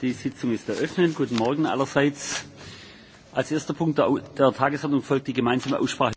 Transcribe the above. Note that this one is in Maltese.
Die Sitzung ist eröffnet. Guten Morgen allerseits. Als erster Punkt der, der Tagesordnung folgt die gemeinsame Aussprache.